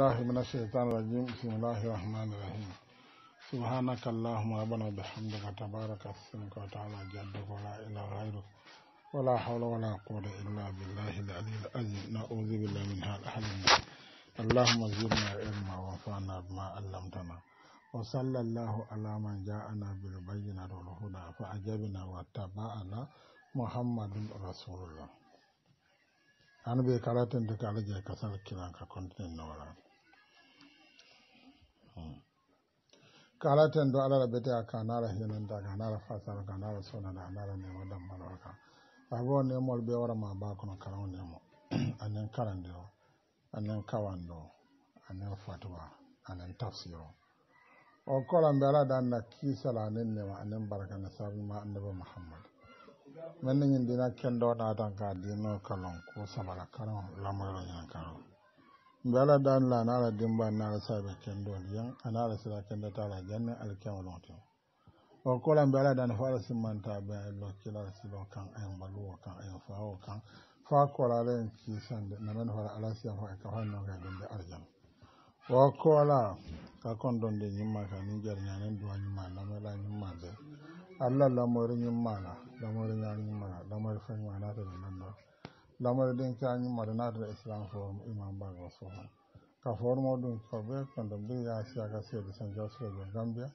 billah min alcheitan rajim bisimillahi rahmani rahim subhanaka allahuma rabbana bihamdika tabaraka sinka wataala jaddoko la ila gayrok wala hawla wala quwata illa billahi lali l azim naudu billahi min hal ahlina allahuma zirna ilma wanfana bima allamtana wa salla llahu ala man jaana bilbayinati walhuda fa ajabina wattaba'ana muhammadun rasulullah an ɓe kala tentika alajee kasal kilan ka continue nowarani kalaten do ala bete a kanara hinanta kanara fasara kanara sonada anara nemo dambaɗo ka bago nemol ɓe warama ba kono karaw nemo anen karande o anen anan o anen fatuwa anen tafsir o o kola mbe ala dan na kiisala anen nema anen barakane sabima annabi muhammad min ni ñin dina da tan ka dino kalon ko sabara karan lamoyro ñan karo mbela dan la nara dimba nara ken kendo yan anara sira kendo tara janne alkema lonto o kola mbela dan fara simanta ba lo kila lo kan en baluwo kan en wa kan fa kola len ki sande nanan fara alasiya fa ka no ga dum be arjan o kola ka kon don de nyimma ka ni jar nyanen duwa nyimma na ni nyimma de alla la mori nyimma la la mori nyimma la mori fa nyimma na de nan do lamarin din ka ni marana da islam fo imam ba ga wasu ha ka formo dun ko be kan da bi ya shi ka siya da san jasu da gambia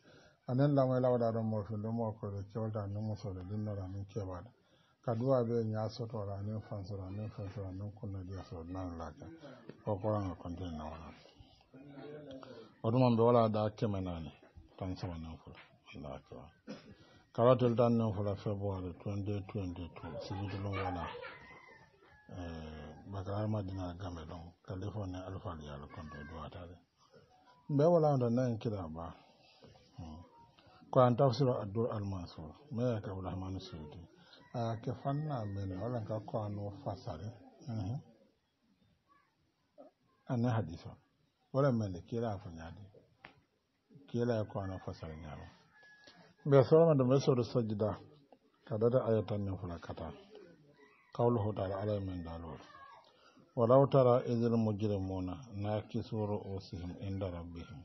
a nan lamarin lawada don mo fin don da ko da nan musu da dinna nara min ke ba ka duwa bai ya soto to ra nin fan so ra da fan so ra nin kunna nan la ko ko ran ko tin na wala odum be wala da ake keme nani tan sama nan fula Allah akbar karatul dan nan fula february 2022 dulon wala Eh, baka armadina game ɗon california alfal yala e duwata duwatade mbe wanda nan kira ba hmm. ko an tafsiro addur almansur maya ka abdourahmanu sudi a ke fanna mene wala ka ko ano fasare hmm. ane hadis o wala mene kila fo ñaadi kila ko ano fasare ñaama mbe soroma ɗum ɓe sodo sajjida kadada ayatanni fula kata kawluho taala alay men daalol walaw tara idil mujrimuna nakisuro usihim inda rabbihim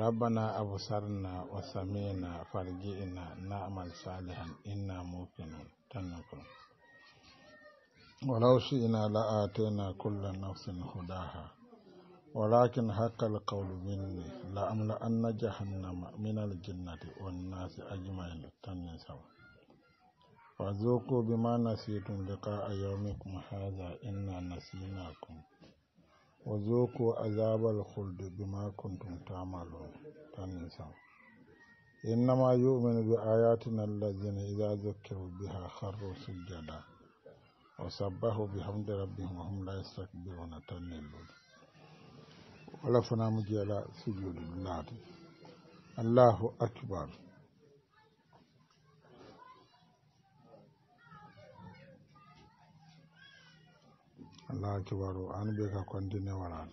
rabbana absarna wa samina farji'na na'mal salihan inna muqinun tanakum walaw shi'na la atayna kulla nafsin hudaha walakin haqqa al qawlu minni la amla anna jahannama min al jinnati wan nasi ajma'in tanisaw فذوقوا بما نسيتم لقاء يومكم هذا إنا نسيناكم وذوقوا عذاب الخلد بما كنتم تعملون تنسوا إنما يؤمن بآياتنا الذين إذا ذكروا بها خروا سجدا وسبحوا بحمد ربهم وهم لا يستكبرون تنلون ولا فنام جلاء سجود الله الله أكبر allah kibaru an bai ka continue warade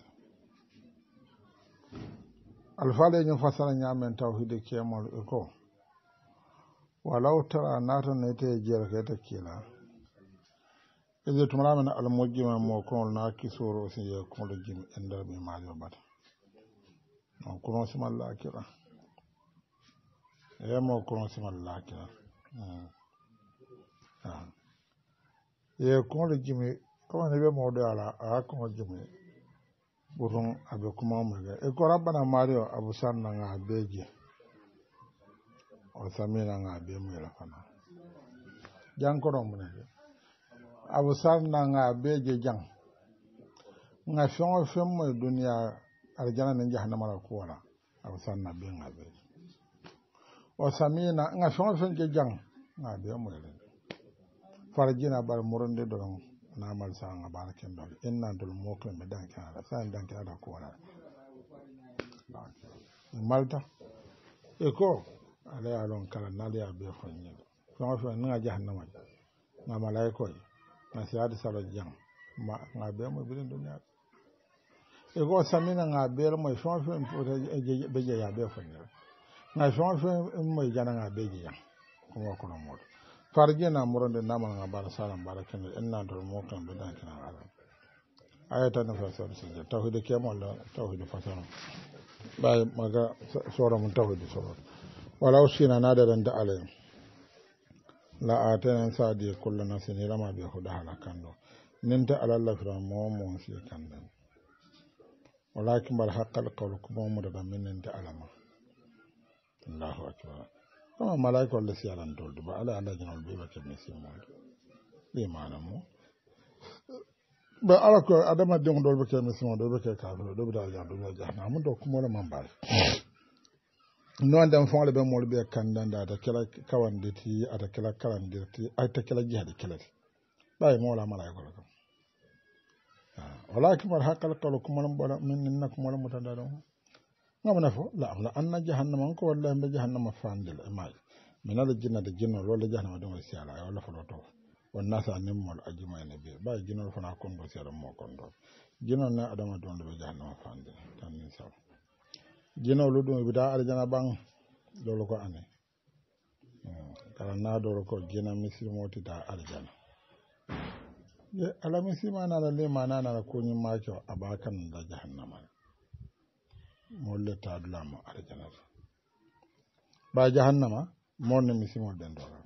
alfaale ñum fasana ñamen tawhide kemol e ko walaw tara ta jeerakete kiila ede tumaramen almojjima mo konol na kisoro o siye kumolo jim e nder mi maajo bata on kono simal lakira e mo kono simal lakira hmm. ah. ye kumolo jimi kama ne bɛ mɔgɔ dɔ a la a y'a kɔngɔ jɛmɛ burun a bɛ kuma mɛgɛ i kɔrɔ bana mariyo abusan na nka a bɛɛ jɛ o sami na nka a bɛɛ mu yɛrɛ fana jan kɔrɔ mun dɛ abusan na nka a bɛɛ jɛ jan nka fɛn o fɛn mu ye duniya alijana ni jahanama la ko la abusan na bɛɛ nka bɛɛ o sami na nka fɛn o fɛn jɛ jan nka a bɛɛ mu yɛrɛ farajina bari murunde dɔrɔn namal sanga bana kendol inna dol mokle mi dankenala san dankenala kuwonala malta e ko ala ye lon kala nala ya be fo ñin fengo fe naga jahannama je ga na siya da salo jan ma ga biyar mai birin duniya eko sami na ga biyar mai fengo fe be jeeya be fo ñin ga fengo fe moye jana ga be jeeya komo kuna moɗo farge na muran da naman na bara saran bara kende enna dor mo kan be dan kana ala ayata na fasar sujja tauhid ke mo la tauhid fasara bai maga sura mun tauhid sura walau shina na da ran da alai la atana Sadiya kullu nasin rama bi huda halakan do nin ta alalla fira mo mu si kan da walakin bal haqqal qawl kuma mu da min ta alama Allahu akbar da siya ran siyarantoɗo ba ala ala jinol ɓe ɓe kebni simoɗo ɓe mana mu ba ala ko adama diŋo ɗoɓe ke misimo ɗoɓe dole kafiro ɗoɓe da jan ɗoɓe jahna mu do kumole man kawan da ti foŋle ɓe mol ɓe ti, ata kela kawanditi ata kela ti, ata ti, jihade kelati ɓawi mola malaykolo kam ah, walakin mar hakkala kalo kumolem ɓola min ninna kumole da don ngam nafo laam la anna jahannama on ko walla hembe jahannama fandel e maaji min ala jinnade e jinnol walla jahannama ɗumo seeɗa e walla foɗo to won nasa nimmol ajuma ene bee ɓawi jinnol fona konndo seeɗa mo konndo jinnol ne adama donɗo ɓe jahannama fande tanmin saw jinnolu ɗum wida e aljana ɓan dolo ko ane hmm, kala naadolo ko jina misilmotida aljana ye alamisima nana lima nanana koñimmaco aba kannda jahannama molle taadulama arjanata ɓa jahannama monne misimol ɗen dora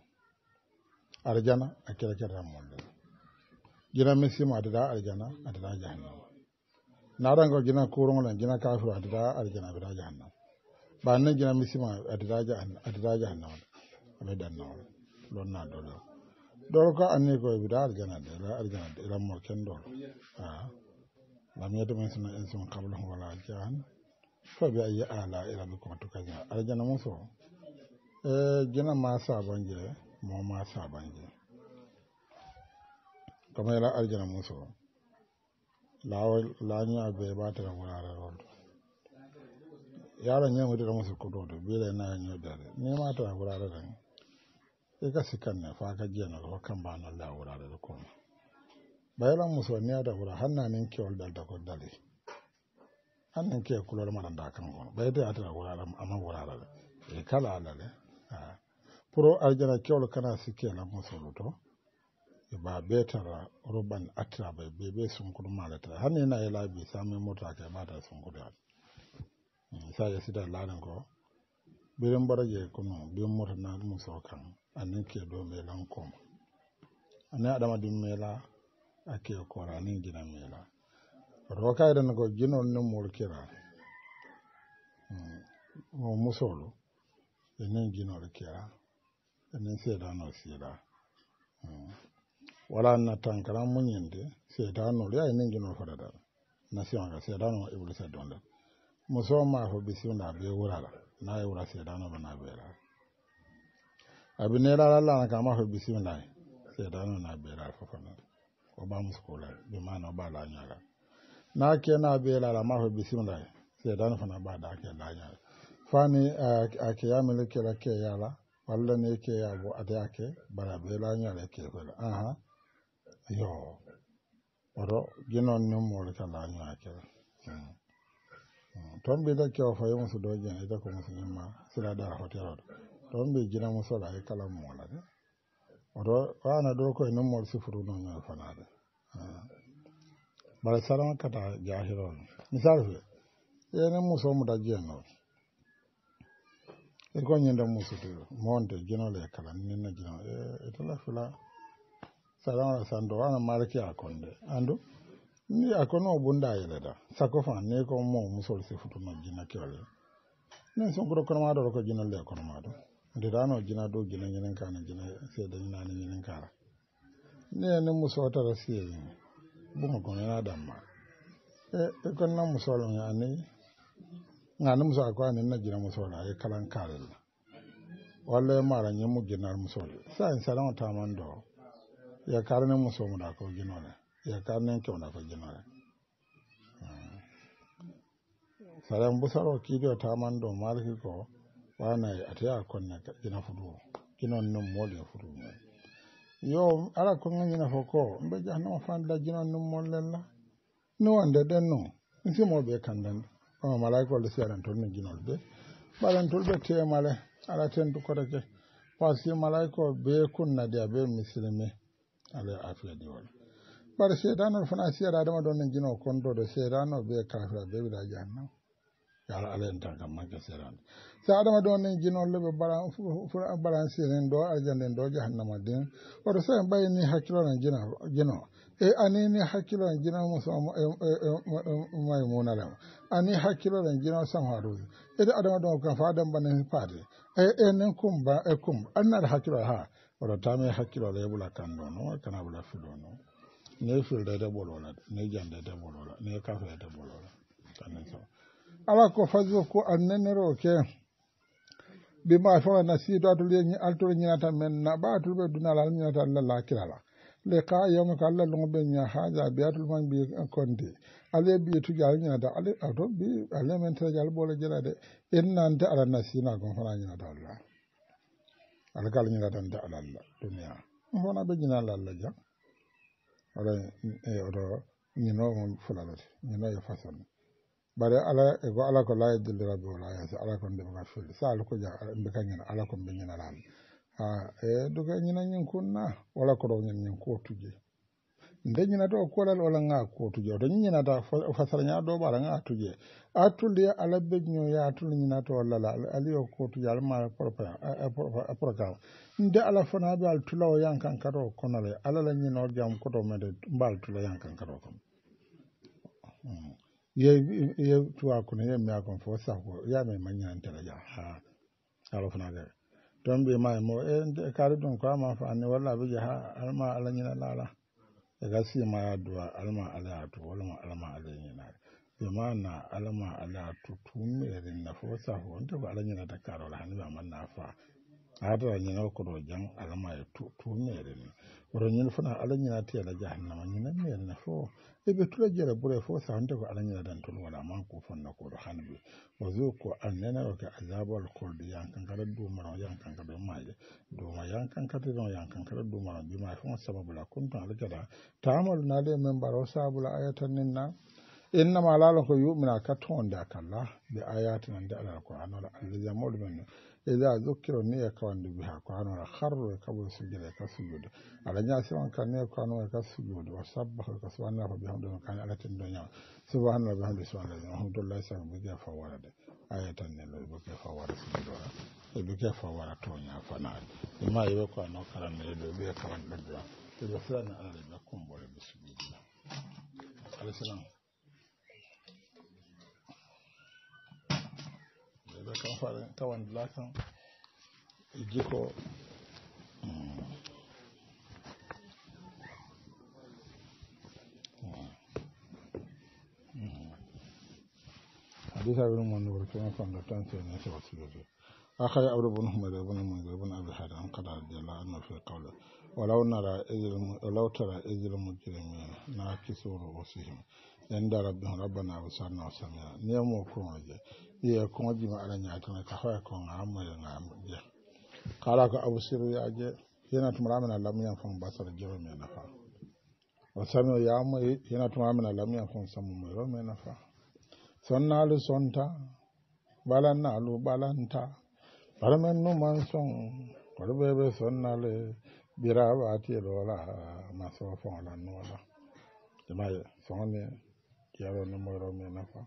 arjana a kira kirata molle jina misimo adada arjana adada jahannama naɗango jina kurogoɗen jina kafiru adada arjana adada jahannama ɓa anne jina misimo adada jahannama aɓe ɗannawol lonna dole dole ko anni koye wida arjana de la arjana de ah. lammol ken dol a lam yetumen sona en son kablahum wala jahan fabi ayi ala ila bi kuma tuka ja aljana muso eh jina ma sabon je mo ma sabon je kama ila aljana muso lawal laniya be ba ta da wuraren rodo yaron ya mutu da musu kudo da bi da na yanyo da ne ma ta wuraren da e ka sikan ne fa ka je na ko kan ba na la wuraren da kuma bayan muso ne da wura hannanin kiwal da da ko dale hannun ke kula da kan a ɓay de atana wurara ama wurara de e eh, kala ala a ah. pro arjana kewlo kana sikkela musolu to ba betara ruban atra bai bebe sun kudu malata har yana na yi labi sami mota kai mata sun kudu hmm, sa ya sida larin ko birin barage kuma biyun mota na musa kan annin ke do mai annin adama din mela ake kora gina mela oto kayɗen ko jinol nin molkira hmm. o musolu enen jinol kira enen seedano siila hmm. wala na tankara muñinde seedanol ya enen jinol fotata nation ka seedano iblisa donde muso ma fo bisimna be wurala na e wura seedano bana beera abi nerala lana kama fo bisimna seedano na ba ba n'a kɛ n'a bɛ la a m'a fɔ bisimila sedani fana b'a da kɛ a kɛya min kɛra kɛya wala y'a kɛ ke bɛɛ la ɲɛ kɛ ko la ahan yɔ ɔrɔ gino ni mɔri ka la ɲɔ kɛra tɔn bɛ da kɛ fa ye muso dɔ jɛn i e da ko dara da hɔtɛrɔ tɔn bɛ jina muso la i kala mɔ la e si furu bara sarama kata jahiro misali misal fe ene muso muta jeno e ko nyende muso te monte jeno le kala ninna jeno e etola fula sarama la sando ana marki akonde ando ni akono bunda yeleda sakofa ne ko mo muso se futuma jina kyole ne son ko kono ma do ko jino le kono ma do ndirano jina do jina nyinen kana jina se ni nyina nyinen kara ne ne muso tara siye bumo kono yana damma e gonna musolo ani ngani Musa ko ani na e jina musolo ay kalan kalilla walla e mara ñemmu ginnar musole sa en salaŋo taman do ye karne muso muda ko ginole ye karnen ko ginole saren busaro do ko wanayi ate ya hmm. konne fudu non fudu yo ala ko gañina fo ko mbe jahnama fan lajjinan num mollella no wonde ɗen no simoɓe kandande omo malayika olle seeɗan toon no jinol ɓe ɓalantol ɓe temale ala tendu koreke par ce que malayika o be kunnadi a be misilimi ala afiya diwol ɓaɗa seeɗanol fana seeɗa adama ɗon no jino kontoɗo seeɗano be kafira be wiɗa jahannama yo ala ala en tan kam manke serande so adama ɗon en jinolle ɓe bara balansinen ɗo arjanden do jahannama din sen so ni ɓayini hakkilone jino jino e ani ni anini hakkiloen jino musomo e, e, e, may munalema ani hakkiloen jino e ede adama do ka fa adam banen faade e enen kumba e kumba annaɗa hakkilole ha o do oɗo le bula kan do no kana bula fiɗo no ne filde da bolola ne jande da bolola ne kafe da bolola kanen so ala ko fasgo ko annenero ke bi bima fawa nasido to yeñi altol ñinata men na ba ɓa atul ɓe dunala al ñinata allah lakirala le ka yawma ko allah lungo ɓe ña haaja be atul man mbi konde ala bi tuji ala ñinata ala ato bi ala men teraji ala ɓoola jelade en ta ala na si nasina kon fana ñinata allah ala kala ñinatante ala allah duniya on fana ɓe ñinala allah jam e, e, oɗo oɗo ñinomo fulalate ñinoye façonne Bari ala ko ala ko la yedilli rabbi wala yasi ala kon de ka fil sa ala ko ja mbe ka nyina ala ko be nyina lan ha e do ka nyina nyin kunna wala ko do nyin nyin ko tuje nde nyina ko la wala nga ko tuje do nyina ta fasara nya do bara nga tuje atulli ala be nyo ya atulli nyina to wala la ali o ko tuje ala ma program nde ala fana be al tulaw yankan karo konale ala la nyina o jam ko to mede mbal tulaw yankan karo kom ye tuwa kuna ye mi akon fo sako ya me manya ntaraja ha alo fana de don be mai mo e, e kare don ko ma fa ne wala bi be ha Alima ala nyina lala daga e si ma ya duwa alma ala to wala ma alma ala nyina be ma na alma ala to tun irin na fo sako nta ba ala nyina ta karo la ba ma na fa a ada nyina ko do jang alma ya to tun irin woro nyina fana ala nyina tiya na ma nyina me na fo eɓe tulajjere ɓure fof sahonde ko alanya ñinadan tol wala man ko fonna koɗo hanɓe o zo ko an nenaro ke azabal kolde yankankata dumaron yankankata maje duma yankankata ɗon ma dumaron juma fon sababula kuntum ala jada na le men baro sabula ayatan nin na innama laalon ko yumina ka tonde a kalla ɓe ayatinande alal qur'an ola allah jamoɗumen ida zukkiro ni e kawandigi ha ko hanora harru e kabo sujjude e ka sujjude aɗa ñasiwan kan ni e ko hano e ka sujjude wa sabbahu e ka subhanahu bi hamdun kan ala tin do ñama subhanahu bi hamdi subhanahu alhamdulillahi sa bike fa warade aya tan ne loy bike fa wara sujjudoɗa e bike fa wara toña fanaade ima yewe ko ano karanne ɗo ɓe kawanɗo dura eɓe fulani alade ɓe kumbole bisimilla alayhisalam da kan fara ta wanda lakan jiko na shi wasu gaje akhari abdu bin muhammad ibn muhammad ibn abi hadan an qala radiyallahu anhu fi qawli walau nara ajr walau tara ajr mujrimin na kisuru wasihim inda rabbuna rabbana wasarna wasamia niyamu kuma je ye koŋo jima ala ñaatana ka hoye ko ngaamule ngaami je kala abu abou sirri je yana tumara mana lamyan fon basar jiro me nafa o samio yamo hena tumara mina lamyan mai sammumiro me nafa balan na balannaalu balan ta men numan son koɗo ɓeɓe sonnale biraɓatiɗo wala maso son ne jamaye sone kiyaro numoyro mai nafa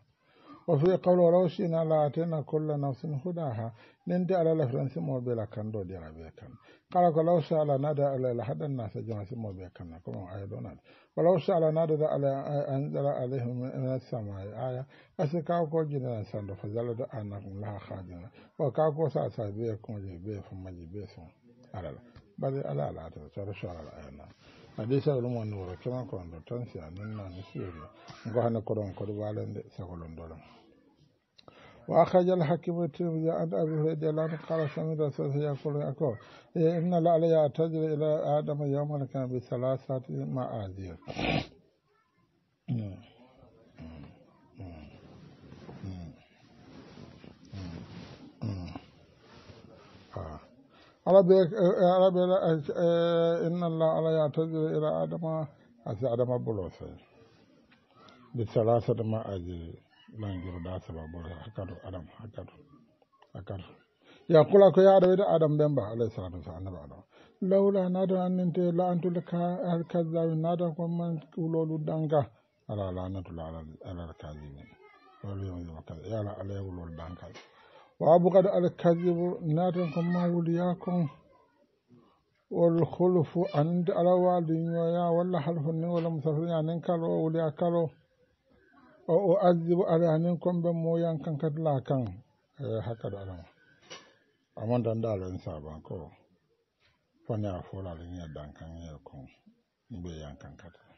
wasu ya kawo rawar na lati na kula na sun huda ha nin da alala firansi mobila kan dole a biya kan kala ka lausa ala na da alala na sajin wasu mobila kan na kuma ayi donald ka lausa ala na da ala an zara alihin na sama ya aya a shi kawo ko gina na sanda da ana kuma laha kajin na ko kawo ko sa sa biya kuma jibe fa maji biya sun alala hadisa ulum wani kema kima ko wanda tan siya nan na ni ngo hana koron ko walen de sagolon dolon wa akhajal hakim tirmidhi an abi hurairah an qala sami rasul ya qul ako inna la ala ya tajri ila bi salasati ma'azir arabe rabbi inna allah ala yataziru ila adama asi adama bulose bi salasata ma aji langiruɗa saba bulose hakkatu adam ya kula ku ko yaɗo da adam ɓemba alai salatu laula annabi adama lawla naɗon anninte la antude ka alkazawi kuma man wulolu danka ala lanatula alal kazimin lolu yom yoma kaza yala ala yewulol danga قد الكذب ناتكم ما ولياكم والخلف عند الوالد يا ولا حلف ولا مسافر يعني كالو وليا كالو أو أعذب على أنكم بمويان كان لا كان هكذا أنا أما دندا لنسا بانكو فني أفول على نيا كان يكون بيان كان كتلا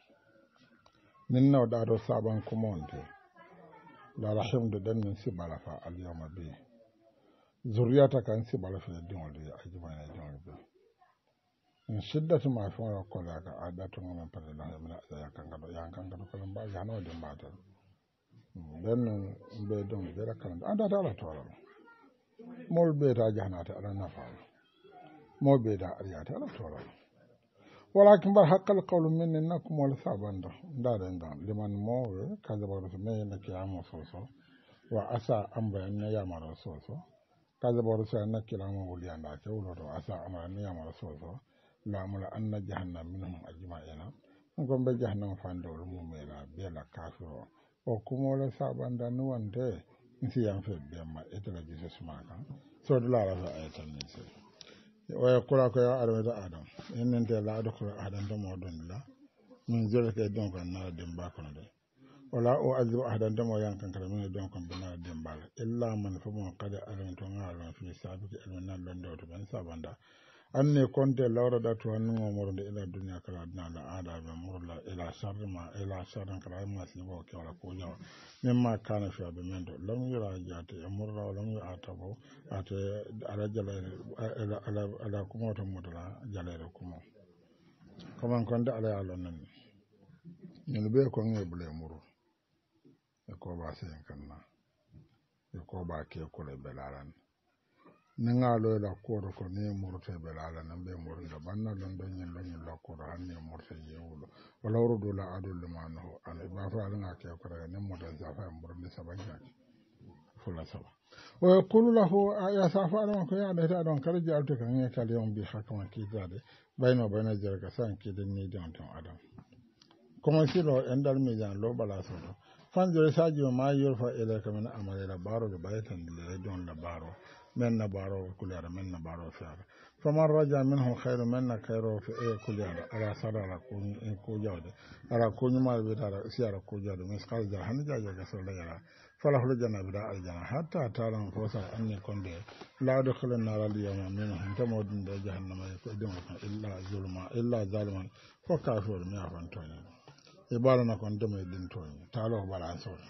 نينا ودارو سابان كومونتي لا رحم دن ددن سبالفا اليوم بيه zuriyata kan siɓala fele diŋol ye a jumana diŋol be in siddati ma ko da ka a datuŋo meŋ pata lahe da ya kan kankato yan kankato kalam ba ya yanoo dimbaata den nun be doŋ jela kalam an tata ala toora la mol be ta ta ala na fa mol be da ariyaate ala toora la walakin bar haqqal qawlu minni saban da da dan liman mo da ba na ki amma so so wa asa an bayanna ya mara so so kasabaru so anna kilama wulyanda kewloto asa amara niyamara soso lamula anna jahannam minhum ajmaina gombe mai fandewol mumela la kafiro o kumole saɓanda nuwante siyan fe bemma etela jesus maka sodu larafe ayatanni se oya kura koya da adam innente a kura adam tomo ɗonla min joleke don ko nara dimba kono da wala o azibu ahadan dama yan kan kala mina don na bana bala illa man fa mun kada alon to ngalon fi sabiki alon nan londo to ben sabanda ne konte laura da to hannu mo morde ila duniya kala dina la ada da murla ila sharri ila sharran kala ma si ba ke wala ko nyawa min ma kana shi abe men do lam yura jate e murla lam yura atabo ate ala jalere ala ala ala kuma to mudala jalere kuma kaman konde ala ya lon nan ni be ko ne bule muru e ko ba sen kanna e ko ba ke ko le belaran nin a lo la ko ro ko ne muru te belala nan be murin da banna don don yin don yin la ko ro ne muru yi wulo wala wuro do la adu le ma no an ba fa ala ga ke ko ne mo da za fa muru ne saban ya fula saba wa yaqulu lahu ya safa ala ko ya da ta don karji jaltu kan ya kal yon bi hakama ki gade bayno bayna jarga san ki din ni da adam kuma shi lo dal mi jan lo bala so fanjore sadio ma yorfa ilayka min amali labaroɗo ɓaye tan dilere jon labaro min men na baro nabaro fiyara faman raja minhum khairu min na kayro e kuliyara ala sara e ala kujawde ala kuñumare wiyetara si ara kujawde miskal jar hani jajaga sollayara fala hulu jana bida aljana hatta talan fosa anni konde la dakhala nar al yawma minhum tamudun da jahannama e ko e dum illa zulma illa zaliman ko kafir mi afan tonen e na kon demo e ɗin toon taalo bara sore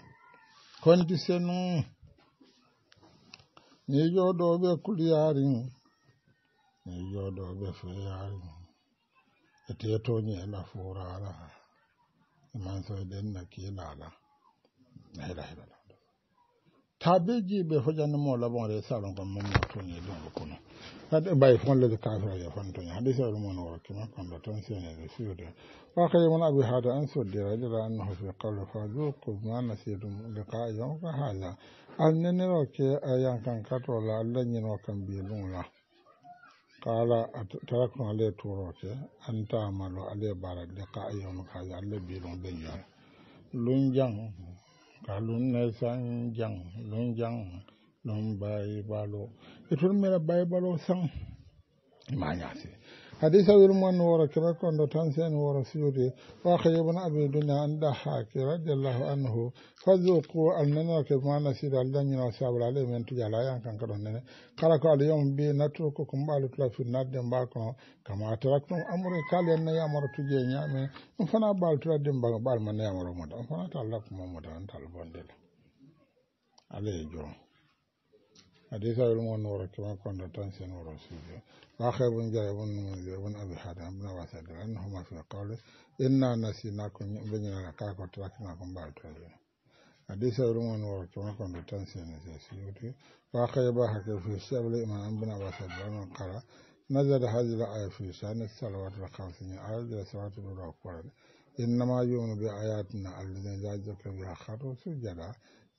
konti senu ni jooɗoɓe kuliyari ni jooɗoɓe feyari e tetoñi e lafurara e mansoyɗen na kiilala lahilahilala taabeji ɓe fojanimo laɓore salon kon mamma toñi ɗum ko kono hade ɓay fonlede kafiraje fantoña hadise aɗum on wokkima kondo tan senede siwde wakade mun abi hada an so soddi radiallah annahu fi qawle fa duku ma ka nasitum liqa yom ko haga alneniro ke ayan kan la a yankan katola allahñino kam mbiye ɗumla qala taraktum ale turoke an ta tamalo ale bara ka ka ya ya yom bi allah mbiye ya lun jang ka lun ne san jang lun jang noon baybalo e toon mbiɗa balo san mañasi hadisa wirmon woro kira kondo tan sen woro suude waka ibne abi dunia an dahaki radiallahu anhu nana alnanoke mana sido aldañino sabra ala men tujala yan kan kaɗon nene kala ko alyom bi natruku ko balu tula fi nadde mbakono kama taraktum amre kali en nayi amaro tuje ñaame ɗum fana mbal tula de mbaga ɓalma nayi amaro muda mo fana ta allah mo on tal bondele ala e a dai sarari wani wuri kuma kwanar tansiyan wuri su biyu ba kai bun zai wani hama su da kawai ina na na kun binye na kakar tuwa su ba a tozo a dai sarari wani wuri kuma kwanar tansiyan wuri su biyu ba kai ba na wasa da wani kara na zai da haji da ayyafi sha ni salawar kawai ne a yadda su wata bura kwanar in na ma yi wani bai a na alli ne za a jikin ya kato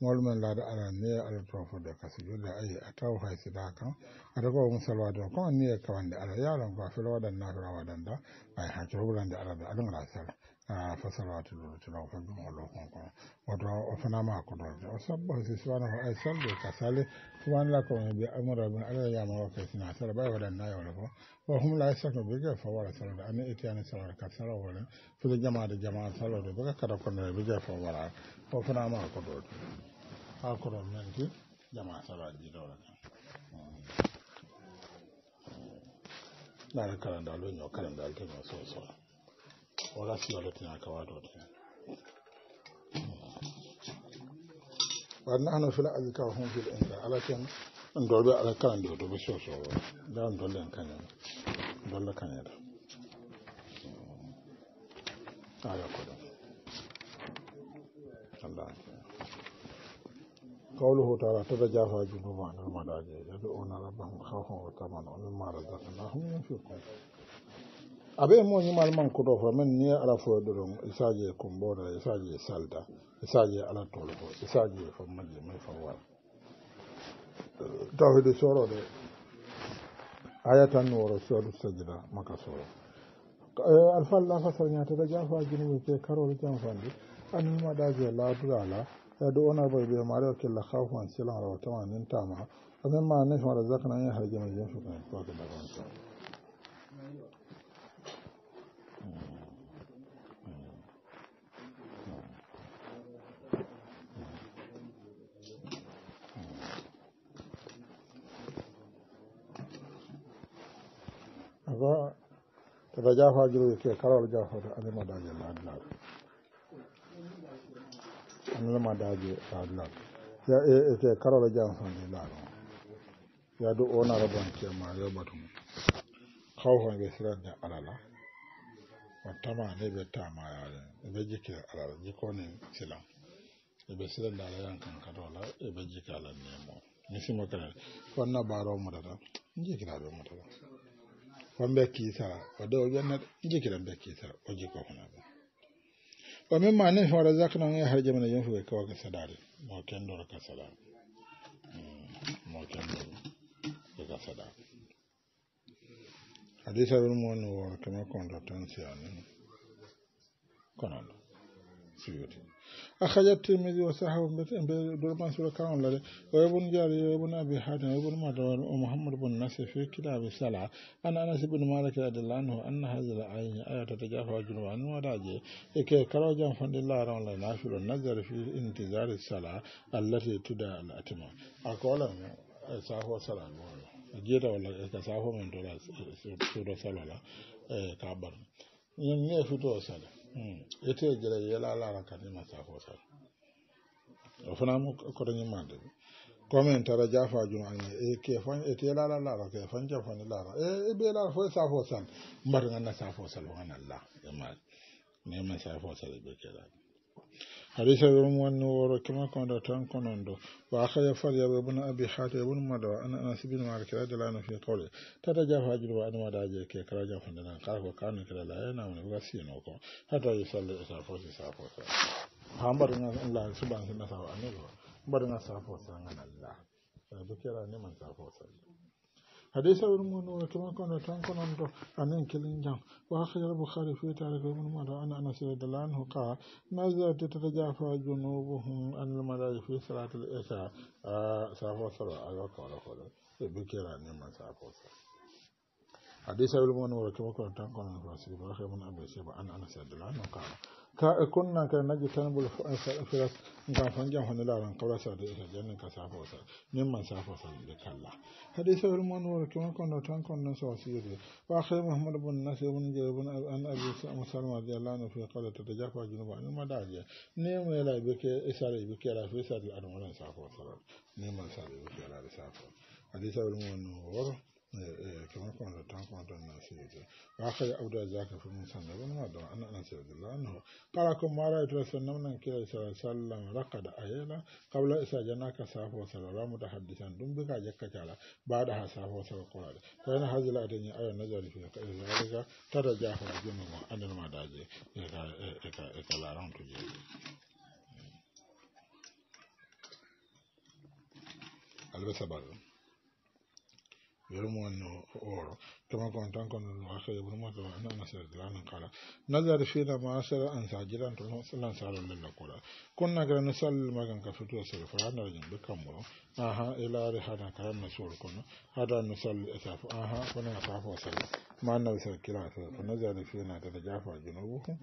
ngol men laada ala niye ala to fodde ka da ayi a taw hay sida kan ata ko mo salwade ko niye kawande ala yalan ko a fela waɗan nafira waɗanda ay ha cohlande ala da alin rasar Ah, fasalwa tulotula ko gumolo konko wato o fana ma ko do o sabba si subhanahu ay sallu ka sale subhanahu la ko bi amra bin ala ya ma wa kasina sala ba wa na ya ko wa hum la yasakku bi ga fa d'a sala an itiyana sala ka sala wala fi jama'a da jama'a sala do ba ka da ko bi ga fa wala o fana ma ko do ha ko do ne ki jama'a sala ji do la na kalan da lo nyo kalan da alke nyo so so wala siwale tena kawaɗo tena ونحن في الأذكى هم في الإنكار على كن ندور على كان دو دو بسوا سوا ده ندور لين كان ندور لين يلا آية كذا الله قوله تعالى تتجافى جنوب عن المضاجع يدعون ربهم خوفا وطمعا ومما رزقناهم ينفقون aɓe mo ñimal manko to fo min ni ala fo ɗoɗon isaji isaje kumboɗa isaji e salda isaje ala tolo ko isaji e fo majje min fo wal tawhide sorode aya tan woro soodu sajida maka soro eh, alfalla fasal ñatata jafa junuɓe ke karol jam fandi annimaɗaji e laadurala yaadu eh, ona bai bai mara ke la khawfu an silan rawa tama nin tama amma ma ne fa zakana ya mai jin fi kan ko da ban ba to da jafa jiru ke karar jafa da alima da je ladlak alima da je ladlak ya e ke karar jafa ne lalo ya do ona rabon ke ma ya batun khawfan be sirar da alala wattama ne be tama yare be jike alala jiko ne silam ebe sila dala yan kan kato la ebe jika la nemo ni sima kare ko na baro mutata nje fambe kiisara o dow jannat jikiran be kiisara o jikko kono ɗum o min ma nen hoore zakna har jamana jom fof e kawake saɗade mo kendoro ka saɗa mo kendoro e ka tan Ahayati me dio sahab bet en vez de durman sura kaun lare wa ibn jari wa ibn abi hadan ibn muhammad ibn nasr fi kitab salah ana ana ibn malik radhiyallahu anna hadha al-ayah ayat tajafa wa jurwan wa daje ik karo jam fadillah ra Allah la shuru nazar fi intizar salah allati tuda al-atma akolam sahab wa salam jeta wala ik sahab ite hmm. jere yela lara kadi masa hota o fana mu koto ñimmande commen tara jafa jum ana e ke fan e te lara lara ke fan jafani lara e e ɓe lara fo safo sal mbaɗa ganna safo sal o ganalla e ma nema safo sal e ɓe keɗani حديث رموان نور كما كنا تان كنوندو وأخذ فريا بن أبي حاتم بن مدوى أن أنس بن مالك رضي الله عنه في قوله تتجاف أجل وأن مدى جيك كراجا فندنا قال وكان كلا لا ينام وغسين وكو حتى يصلي إسافوس إسافوس همبر الله سبحانه وتعالى أنه برنا سافوس عن الله بكرة نمن سافوس hadisa wani munu wani tuma kan da tan kan da anan kilin jam wa khayr bukhari fi tarikh ibn umar da ana anas radhiyallahu anhu qa nazar ta ta jafa junubuhum an al madaj fi salat al isha a safo sala ayo ko da ko da sai bikira ne man safo sala hadisa wani munu wani tuma kan da tan kan da fasiri ba khayr mun abai sai ba ana anas radhiyallahu anhu qa ka kunna ka naji tanbul firas ga fanjan hono laran kawrasa da isa jannin ka safo sa nin man safo sa da kalla hadis al manwar kuma kon da tan kon sa wasiri wa akhir muhammad bin nasir bin jabun an abi musalma radiyallahu anhu fi qala tatajafa junuba an madaje ne mu yala da bike la fi sa da armanan safo ne man sa da bike la Eh, eh, kamar kuma kwanatan na sai ita ba ka yi auda za ka fi musan da wani wadda wani ana sai da lanu kara kun mara ita sun nuna kira sai sallan raka da ayyana kawula isa jana ka safo sarara mu da haddisan dun bi ka je ba da hasafo sa kwara ko yana hazila da ni ayo nazari fi ka eh, ta da a fa jin mu annan ma da يرمون أورو كما كنت أنكم الأخير يقول ما ترى أنا أسر دلانا قال نظر فينا ما أسر أن ساجرا لن سالوا لنا قولا كنا كنا نسال ما كان كفتو أسر فرانا رجم بكمرو آها إلى رحانا كرام نسول كنا هذا نسال إساف آها كنا إساف وسر ما أنا بسر كلا أسر فنظر فينا تتجافى جنوبهم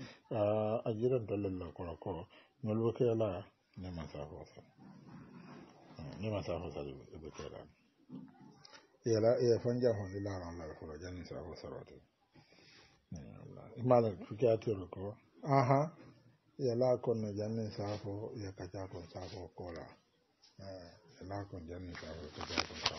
أجرا لنا قولا قولا نلوك إلى نما سافو سر نما سافو سر بكرام yala e fanja honde laran la eh, sa ko sarote ko aha kon kola kon kon kola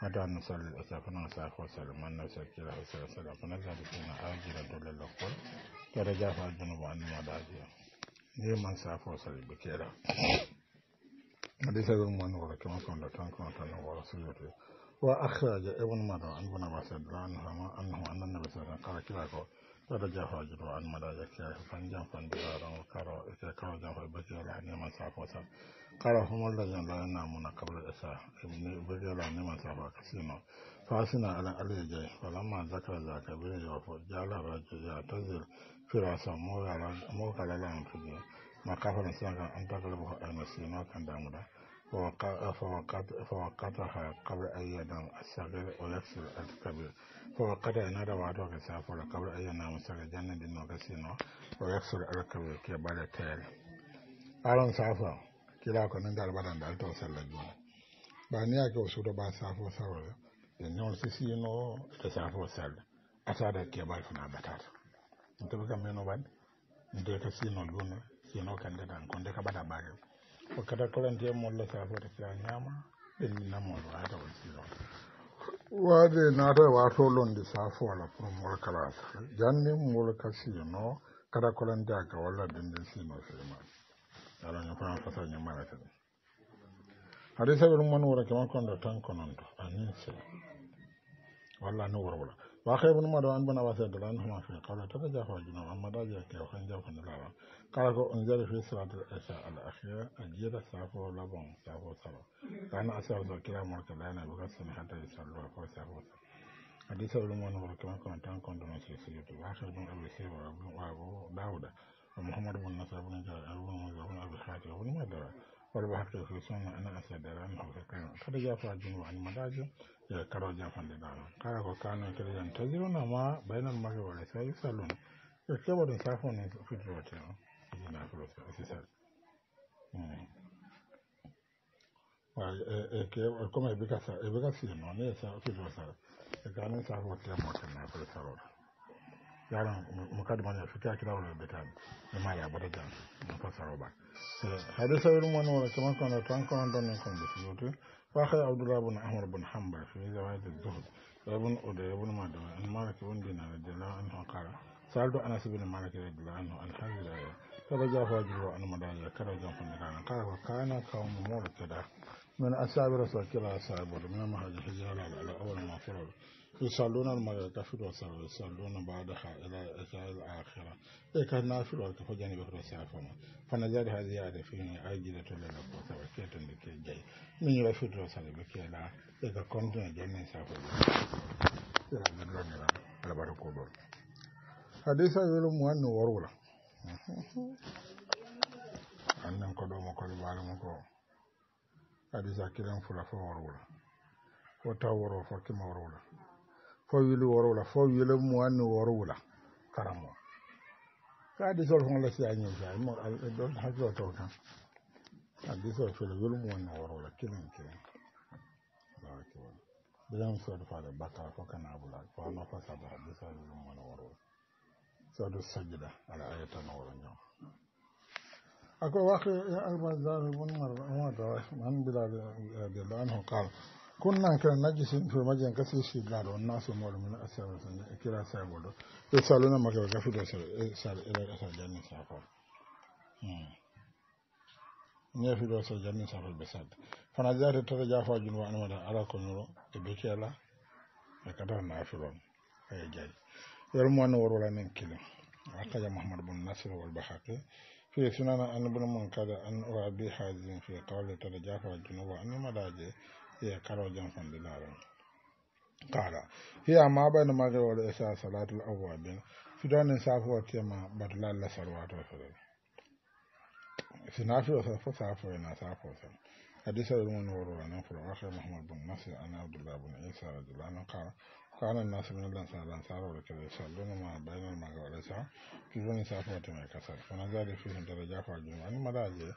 madame sall safana sa ko sall manna sa kira sa sala fana la de na ajira to la ko kada ja fa dun ba an ma da ji ne man sa ko sall bi kira hadi sa dun man wala kama kon da tan kon tan wala su yote wa akhraja ibn madan an bana ba sa dan hama annahu anna nabi sallallahu alaihi wasallam qala kira ko wata jafa jiro an madaja kiya fan jan fan diraran karo ita karo jan fa baki la ne man sa ko san karo kuma da jan la na mun kabla da sa ne baki la ne man sa ba kasino fasina ala alaje falamma zakara zaka bi ya fo jala ya sa mo kala an yi kan فوقتها قبل أن ينام الصغير ويكسر الكبير فوقت ينادى وعدو كسافر قبل أن ينام الصغير جنة دينو كسينو ويكسر الكبير كي بعد تيل أرون سافر كلا كنن دار بدن دار توصل لجونا بانيا كي وسودو بان سافر سافر ينون يعني سيسينو كسافر سافر أسادة كي بعد فنا بتات أنت بكم منو بعد أنت كسينو لجونا سينو كندان كندك بعد بعد o kata kolonte molla safoto fiya ñaama ɓellinamol waata o siro waade naata waato londe saafola pour kala sara janni mol ka sino kata kolonte a gawalla denden sino sema alaño kono fasa ñamara kadi haɗa saɓe ɗum man wora kema kondo tan kononto anin se walla ani worwola wa kai bu numar wani bana ba sai gara nuhu mafi ta rajar fa juna amma daji ya kewa kan jafa na lara kawai ko in zarafi sirata da asha al'afiya a jiya da labon safo saba kana asha wasu kira murka da yana bukatar sun hata da saluwa ko safo saba a disa ulama na wani kuma kan ta kan dama sai sai yadda wasu bin abu sai wa abu wa abu dawuda wa muhammadu bin nasa bin jara abu wa abu hati wa wani wolɓe hakkeke sunna ene asedarani hoke kan kada jafa jungo animadaji e karo jafande ɗaro kara ko kano kede jan tajiruna ma bayanan mage wala sa yusalun e keɓa ɗum safo e e safo yaran mukadima ne suke akira wani da tan ma ya bada da wani wani kamar kan tan kan don ne su yoto fa khay abdullah bin ahmad bin hanbal fi zawaid az-zuhd ibn uday ibn madam an malik bin dinar radiyallahu anhu qala saldu bin an hazira kada ja fa jiro an madani kada ja fa madani kada fa kana kaum murtada من أصحاب رسول الله صلى الله عليه يصلون الملائكة في الوسائل يصلون بعدها إلى إساء الآخرة إذا كان نافل وكفى جانب أخرى سافما فنزل هذه آية فيه أجلة للك وتوكيت لك جاي من يرفي الوسائل بك لا إذا كنت جانب سافما إلى مدلون إلى البركة دول حديث أولو مهن ورولا أنهم قدوم قلب عالمكم حديث أكيد فلا فورولا وتوروا فكما ورولا foywilu worowla foywilo muwanni worowla karamo ka adisol fon la siya ñin mo to bilan fo fo ala woro ako mar man kunnan kan naji sun fi majiyan kasi shi wani da wannan asumar mun asabar sun ya kira sai godo ya salo na maka ga eh, hmm. fi da sai sai ina ga sai janin safa ne fi da sai janin safa besat fana za ta tada jafa jin wa anuma da ara ko da bi da kada na fi ron ay jai yar mu wannan warwara nan kile aka ya muhammad bin nasir wal bahaqi fi sunana an ibn bi an urabi hazin fi qawli tada jafa jin wa anuma da je iya karo jan kara kala hiya ma bayna maghrib wal isha salatul awwabin fidonin safuwa tema batla la salawatu wato salam sinafi wa safu safuwa na safu salam hadisa da mun wuro na furu akhir muhammad bin nasir an abdullah bin isa radhiyallahu anhu كان الناس na bayanar الأنصار والكذا يصلون مع بين المغرب والعشاء في بني سافوة ما كسر فنزل فيهم درجات وجمعا مراجع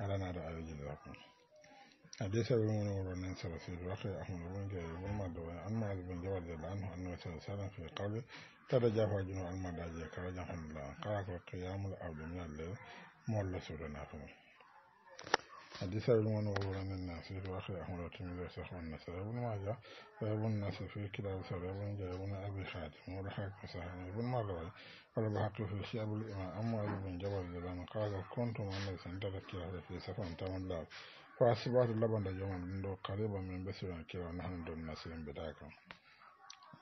على نار أرجل kuma. حديث أبي المنور أن في الواقع أحمد بن جرير بن مدعو عن معاذ بن جبل رضي الله عنه أنه صلى الله عليه وسلم في قوله ترجع جنوب المدعي كرجع حمد الله قال قيام الأرض من الليل مولى سورة نافذ حديث أبي المنور أن الناس في الواقع أحمد الترمذي وسخ والنسائي بن ماجه وابن الناس في كتاب سورة بن جرير بن أبي حاتم والحاكم صحيح بن مدعو والبحق في شعب الإمام أم معاذ بن جبل رضي الله عنه قال كنت مع النبي صلى الله عليه وسلم في سفر تمام fa asibatu labanda jomum ɗum ɗo kariba min besiran kira nahanu ɗon nasirin mbiɗaka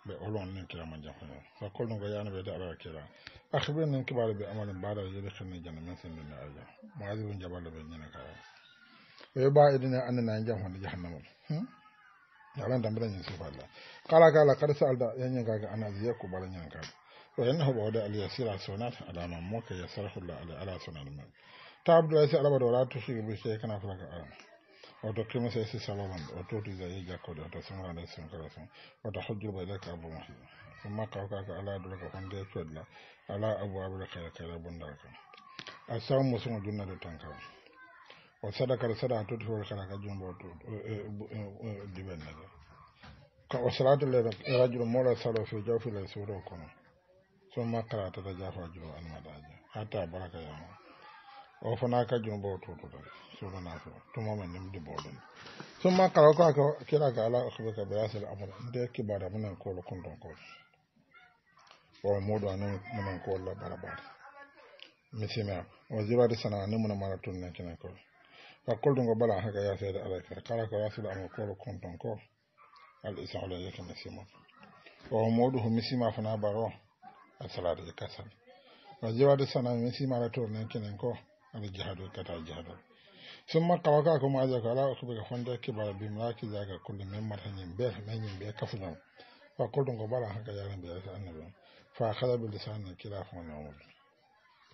ɓe olon nin kira man jamfañon fa kolnugo yani ɓe daɗara kira akhbir nin kibare ɓe amalin mbaɗa yeɗi xinni jana min sindini aja maadiru jaballe ɓe ñina kara ba idine annana jamfande jahannamum hmm? yalan dambira ñin sifalla kala kala kada salda yañin kaga anasi yekku bala ñin kaga wa innahu ɓawde alyasira sonat alama moke yasarahullah ala ala sonat mum ta abdoulaye si alaɓa ɗo wala tusugi oto kemese si salaman oto tisa yi jakkode oto simrande simkara sim oto hojjurba ilaka abomahi summa kawkaka ala dolaka honde codla ala abu abila kaya kayra bondaka a saw musumo junnade tanka o sadakata sada toti fowol kala ka jumbo dibennede o ya rajulo mola salo fi jawfila suuro kono summa kara tata jafa julo almadaje hata baraka yama o fana ka tuma ma sugana fo tumomen nimdi sun ma kala ko ako kira ka ala ohbeka be yasel ba da kibara ko kolo don ko o la bara bara mi se misima o jibade sana ani mune mara ka ko kol go bala haka da alay ka kala ko ya amol da kundon ko al isa ola yeke ma o muɗo ho misima fana baro a salade je kasal o jibade sana misima ala tunnen kinen ko aɓe jahado kata jahado summa kawaka ko maja ko ala osuɓe ko honde kibara bimraki jaga kulle min mata ñimɓe ma ñimɓe kafuñam fa kolɗum ko ɓala hanka yarambe annabi on fa hara be lisani kila fonamol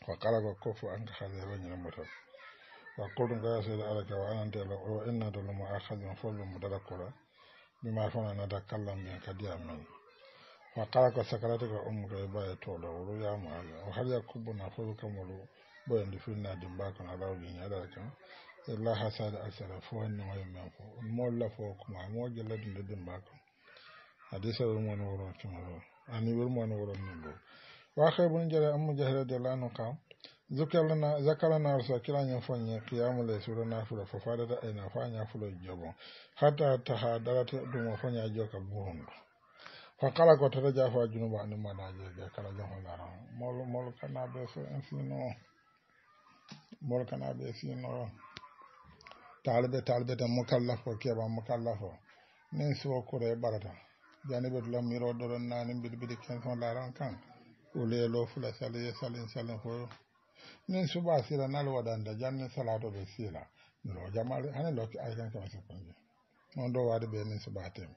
fa kala ko kofu anka halewa ñinamotal fa kolɗum ko yasede alaka wa anantela o innade lumo ahadum follum mo darakkola bima fona nada kallam mbiyen kadi amen fa kala ɓoyonde finnade mbakon alawɗin yaɗa kan la hasade asara fo hanni wawi men fo molla fo kuma da din ba kan hadisa wirmoni woron kimaro ani wani wuro min wa wakay bun jara ammu jahra jalanu kam zukalana zakalana arsa kiranyen fonye kiyamu le sura na fula fa fada da ina fanya fula jabo hatta ta hadara ta dum fonya joka buhun fa kala ko da jafa junuba ni na je kala jafa garan mol mol kana be so enfino mol kana ɓe sinoro talɓe talɓe tan mukallafo keɓa mukallafo nin siwo kura e ɓarata jani ɓe dula miro ɗoɗon nani biɗibiɗi kenson laran kan ulelo fula saliye salin salin fo nin suba sila nal da janni salato ɓe sila miro jamare hani loki aykan kema sappanji on ɗo wade ɓe nin suba tem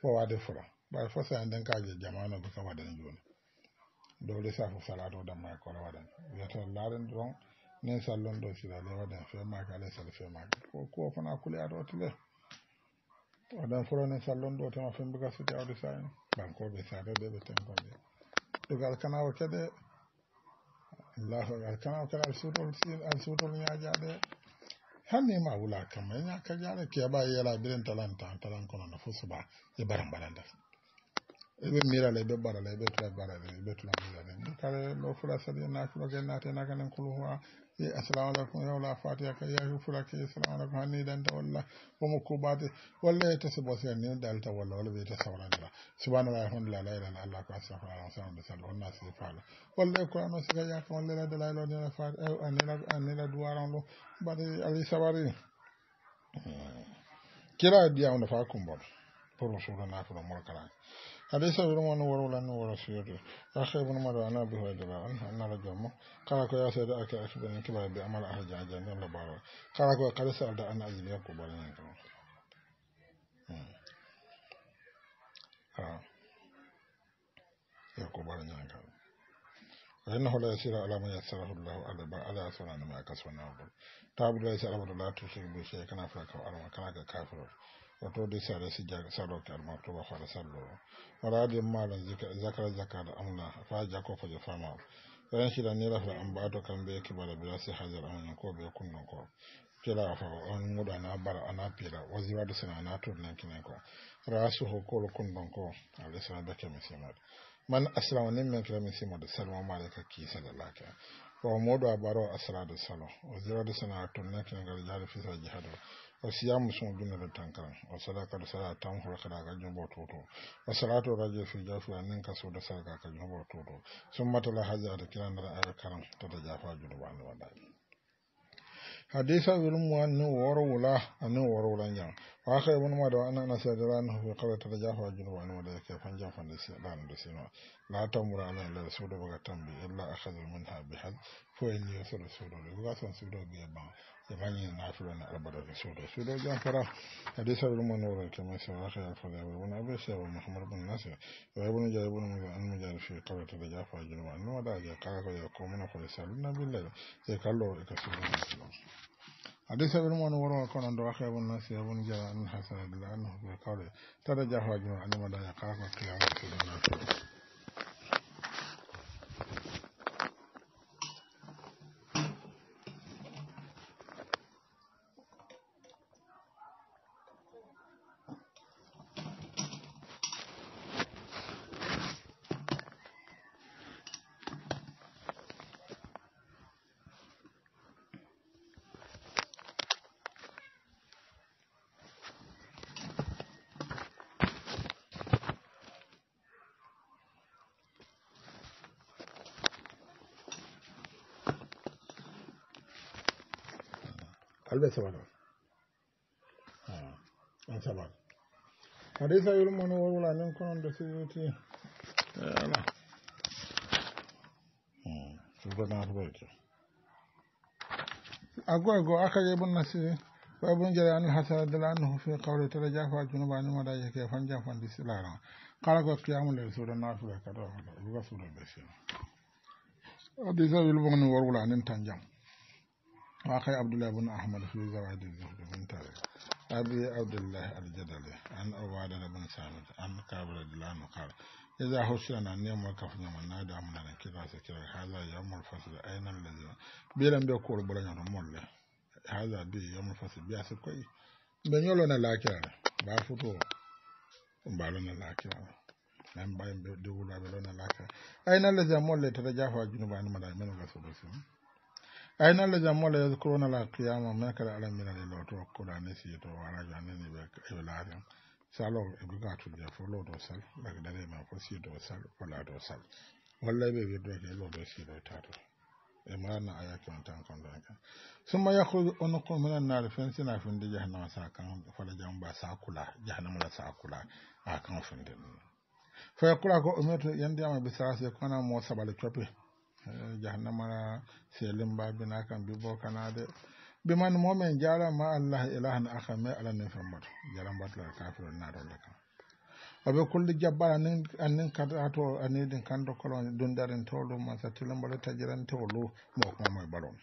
fo wade fura ɓay fo sa nden kaje jamano ɓe ka waɗani joni dowli safo salato ɗamma e kolo waɗani wiyata laren dron nin sallon ɗo sirale waɗen femaka alay sala femaka ko kuwa fana kule aɗo tile waɗen furo nin sallon ɗo tema fembiga suti awdi sayin bai sare ɓe ɓe tenkoɓe ɗugal kanawo keɗe allahu akbar kanawo keɗe alsuutol alsuutol ñajaɗe ne ma wula kamma e ñaka jaɗe keɓa yela biren talan tan talan konono fo suba e baran mbaɗanda eɓe mirale ɓe ɓarale ɓe tula barale ɓe tula mirale kare ɗo fula sadi nafuloge nate naganen kuluhu assalamu aleykum yawla fatiyaka yahi fulake assalamu aleykum hanni danta walla womo kubade walla e tasi bosen ni dalta walla walla na sawranira subhanallah alhamdulillah la ilaha allah ko astahfirullah alhamdu sall wonna si faala walla e kurano siga yaka walla la dalaylo nila fa anila anila eh, duwaran lo mbaɗe ali sabari kira diyawnde fa kumboɗo pour mo suudo nafuɗo moro karani حديث ابن منور ولا نور سيدي أخي ابن مرة أنا به وجبا أنا رجمه قال يا سيد أكي أكبرني كبا بعمل أحد عجاني ولا بارا قال كو قد سألت أن أجلي أقبلني آه يقبلني أقبلني وإنه لا يسير على ما يسره الله على على سنة ما كسبنا تعبد ليس أبدا لا تشرك به شيئا كنا فاكر أرما كنا كافر wato da sai da sijar sarokar ma to ba fara sallo radin malam zakar zakar amna fa jako fa jafa ma ran shi da ne rafa an ba to kan bai kibar bi sai hajar an yin ko bai kunnan ko kila fa an muda na bar ana fira waziwa da suna na tur nan kinai ko rasu hukul kunnan ko alai sai da kemi sima man assalamu alaikum min kemi sima da salama malaka ki sallallahu alaihi wa sallam ko mu da baro da salo waziwa da suna tur nan kinai ga jihadu wasiya mu sun da tankaran o sadaka da sara tan horkara ka jumbo toto o salatu raje fi jafi a ninka so da sarka ka jumbo toto sun matala a da kiran da ayar karan ta da jafa junuba ne wadai hadisa wilmu ni woro wula ani woro wula nyang wa khay wani ma do anan nasa da ran hu qala ta jafa jinu wa anwa da ke fanjan fan da da la ta mura su da illa akhadha minha bihad fo in yusulu su da su da ba imani na fura na albada da sauda da su da jan fara hadisar rumman nura ke mai saurata ya fara yabar wani abin sai wani muhammad bin nasir ya yi wani jari wani mai an mujar fi kawai ta da ya fara girma an wada da ya kawai ko ya koma na kwari salun na billah ya kallo wa ka su da musulun hadisa bin wani wurin kanan da aka yabon nasu yabon jara an hasana da la'anu ya kawai ta da ya fara girma an nuna da ya kara ko ya koma na kwari bai sabata ba a sabata hadisa yi rumuni da ana ƙasar na harbar ce agwagwa aka yi bin nasi babin jirai an kawai ta da jafa juna ba ni mada yake fan jafa da su lara karaka kiyamun da su da na harbar kada ruga su da bai sai hadisa yi rumuni warwula min tanjan وأخي عبد الله بن أحمد في زواج الزهد من تاري أبي عبد الله الجدلي عن عبادة بن سامد عن كابر الدلان قال إذا حسنا نعم وكفنا من نادى من كذا سكرة هذا يوم الفصل أين الذي بيلم بيقول بلن يرمول هذا بي يوم الفصل بيأس كوي بن يولونا لاكرا بافوتو بالونا لاكرا أم بايم بيقولوا بلونا لاكرا أين الذي مولى تتجافى جنوبان مدى من غسل بسم ayna allah jam mola yadkuruna la kiyama ma kala ala mina le loto kola ne si to wala jo ne ni be e laare salo e be ga tu dia fo do sal la ga dare ma fo si do sal wala do sal walla be be do ke lo do si do tato e na aya ke on tan kon do ka summa yakhruju unqu min an-nar fa sina fi jahannama sa kan fa la jam ba sa kula jahannama la sa kula a kan fi ndin fa yakula ko umetu yandi ama bisasi kona mo sabale chope jahannamara selin babina kan bi bo kanade biman momen ma allah ilahan aka mai ala nin fambato jaran batla kafirun na da kan abe kulli jabbara anin kadato anidin kando kolon dundarin tolu masa tulun bala tajiran tolu mo kuma mai balon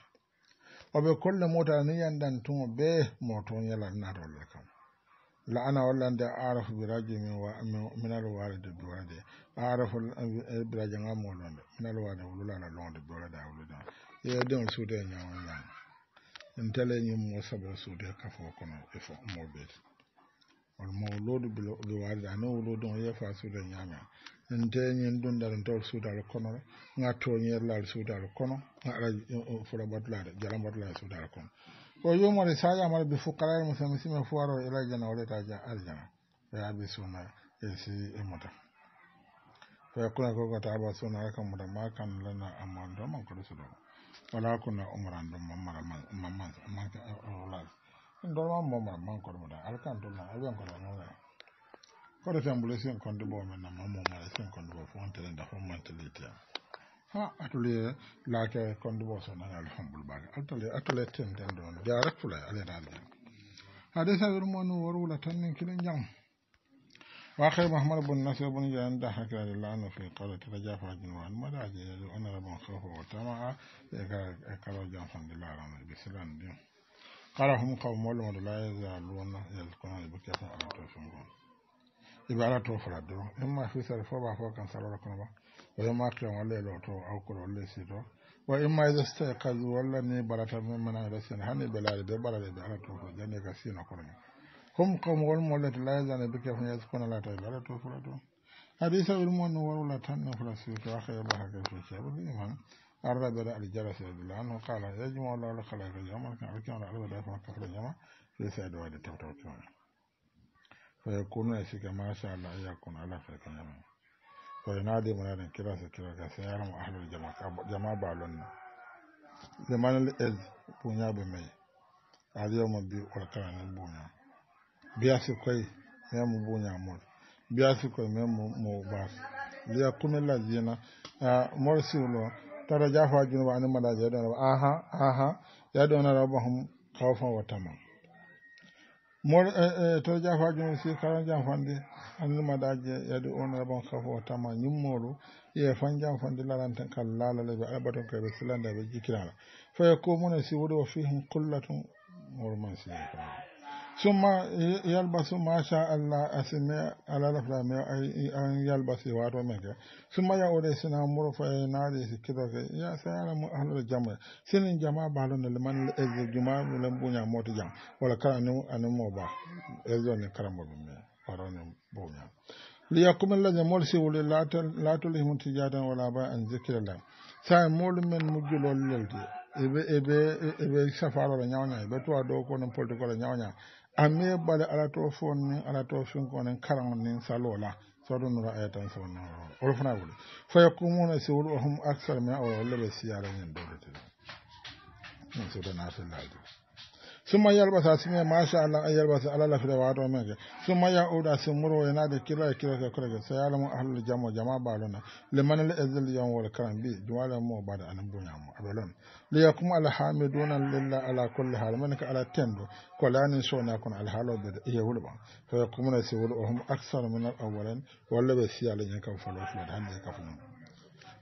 abe kulli mota ni yandan tun be moton yalan na da kan la'ana wallande arafu biraji min min minal walide biwalade arafu eh, biraji nga molonde minal walide wululala da biwalade awuludan ye den suude ñawo ñama en tele ñum mo sabo suude kafo kono e fo moɓeete won mo wuludu biwalide ani wuludu o yefa suude ñama en teñin ɗum ndar tol suudal kono gattoñerlal suudal kono ara eh, eh, fulabatlade jalabatlade suudal kono ko yumore sajamore ɓe fukkarare musa misime fuwaro ila jana oletaja arjana e abi suna e si imuta ko kuna ta ba suna aka muta ma kan lana amman do man su do wala kuna umran ɗum mamara mamman olas ɗum ɗon ma momara man koɗo eh, eh, muta alkan ko alɓen koɗo mumara koɗo tambule kon do bo men namma momara sen konde bo fo on tele nda fo mantelitiyam ha atule lake kondubo so nan alhamdulillah atule atule tenten don jara fulay alenal hadisa wer mon warula tan nin kilen jam wa khay muhammad bin nasr bin jan da haka lillahi fi qalat rajafa bin wan madaje ana rabon khawfa wa tamaa ka karo jam fan dilaran bisran din qala hum qawmul wa la yazaluna yalquna bi kafa ala tawfun ibara to fara do imma fi sarfa ba fo kan sarara kuma ba وإما كان ولا لوتو أو كل ولا سيتو وإما إذا استيقظ ولا ني برات من من على سن هني بلاد ببرات بلاد تو جاني كسينا كرني هم قوم غول مولت لا يزن بك هم يسكن لا تاي لا تو فراتو حديث المؤمن ولا تن فلسفه واخي الله كيف شاب الإيمان الرب الجرس رضي الله عنه قال يجمع الله الخلائق جمعا كان كان الرب لا يفهم كفر في سعد وادي توتوتون فيكون ما شاء الله يكون على خير جمعا koye naade munaɗen kirasa kiraga so yaramo ahlul jama jama balonna lemanel ed buñaɓe mayi aliyoma bi olkarani buña biyasi mor tara jafa aha aha kawfan mor eh, eh, to jafa jom si karan jamfande annuma daje yadi on rabon kafo tama ñimmoɗo ye fan jamfande lalanten kal lalala e ɓe alabaton koye ɓe silanda ɓe jikira faye ko mune si wori o fihim kullatum man si suma yalbasu ma sha Allah asime alala flame an yalbasi wato meke summa ya ore sina muro fa na de sikiro ke ya sayala mu ahlul jama sinin jama balon liman ezu juma mulan bunya mota jam wala karanu anu mo ba ezo ne karamo be me parano bunya liyakum alladhi mulsi wala la tulihim tijadan wala ba an zikrillah sai mulmin mujulol leldi ebe ebe ebe safaro la nyawnya ebe tuwa do ko non politiko la nyawnya amme bale ala to fon ni ala to fin ko nin karan nin salola sodo nura ayatan so uh, nan wol fana wol fa yakumuna sawluhum aksar min awla wala basiyara min dawlatin so sodo na sallallahu summa yalbasa mai masha allah an yalbasa ala lafita wato meke summa yauda da kira kila e kilake sai so yalamu ahlul jamo jama balona limanel ezil yan wal karan bi duwala mu bada anan buñamo abelon liyakum alhamiduna lillah ala kulli hal manaka ala tendo ko lanin sona kon alhaaloɓe da iye wulɓa fa yakumuna si wul o hum aksar min al awalan walla ɓe siyala ñen kam falo fulade hande kafum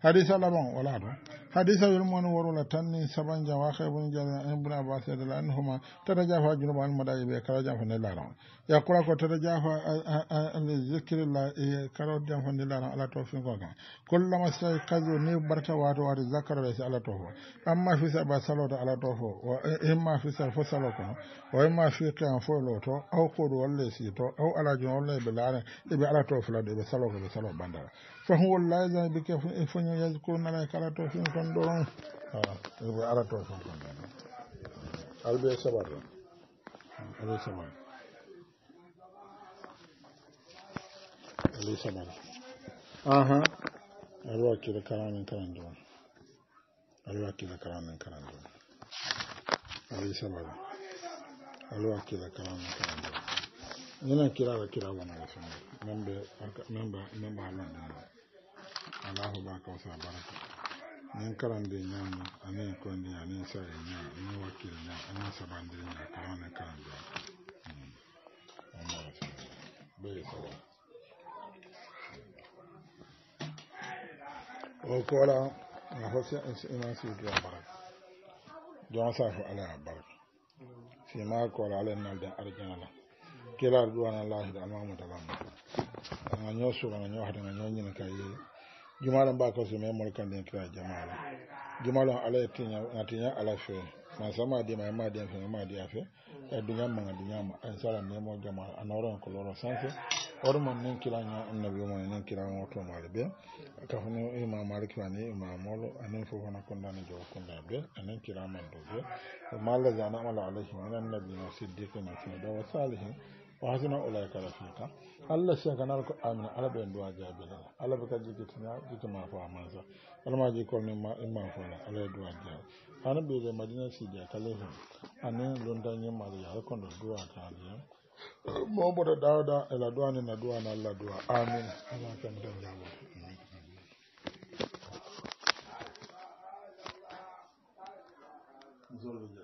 hadisa laban wala ɗo hadisa wel mon worola tan ni saban jam wa haybun jaa ibne abbas adala an huma tata jafa junuba an maɗaji ɓe kala jam fonde laran kura ko tata jafa ande zicrillah e kala jam fonde laran ala to finko kan kullama sa kaso ni barta wato wati zakkarole si ala to fo amma fi saba saloto ala to fo imma fi sal fo salo kono o imma fi qiyam fo lo to aw koɗo walle si to aw ala jum walle ɓe laare eɓe ala to fula ɗo ɓe salo ko ɓe salo bandara fahu wallahi zan bi ke fonyo yaji ko nala kala to fin kon yana kira wa kira wani da sun memba halin da alahu ba ka wasa baraka nin karan da nan mu a ne kwan da ya ne sa ya ne a ne wakil ya a ne saban da ya kama ne karan da hmm. bai sawa o kola na hosi ina su yi baraka don sa fi ala baraka shi ma kola ala nan da arjina kila duwana lahi da amma da talam an anyo su ga anyo hada anyo nyin kai jumalan ba ka mai mulkan kira jama'a ala tinya atinya ala fe di ma ma di fe ma di afe e dunya ma dunya ma an sala ne mo jama'a anoron hormon nin kilaña annabi mo nin kilaña to mari be ka hono imam malik wani imam molo anen fo hono kon dan jo kon dan be anen kilama do be malla zana amala alaihi min annabi na siddiqi na fi da wa salihin wa hasuna ulaika rafiqa allah sai kanar ko amina arabe en duwa jabe la allah baka jiki tuna jiki ma fa amanza alma ji kol ni ma imma fo na allah e duwa jabe hanu be madina sidiya kalehin anen londan yemma da har kon duwa ta ne moɓoto dawda ela duwani na duwa na allah duwa amin allah kamten jabo zolɓe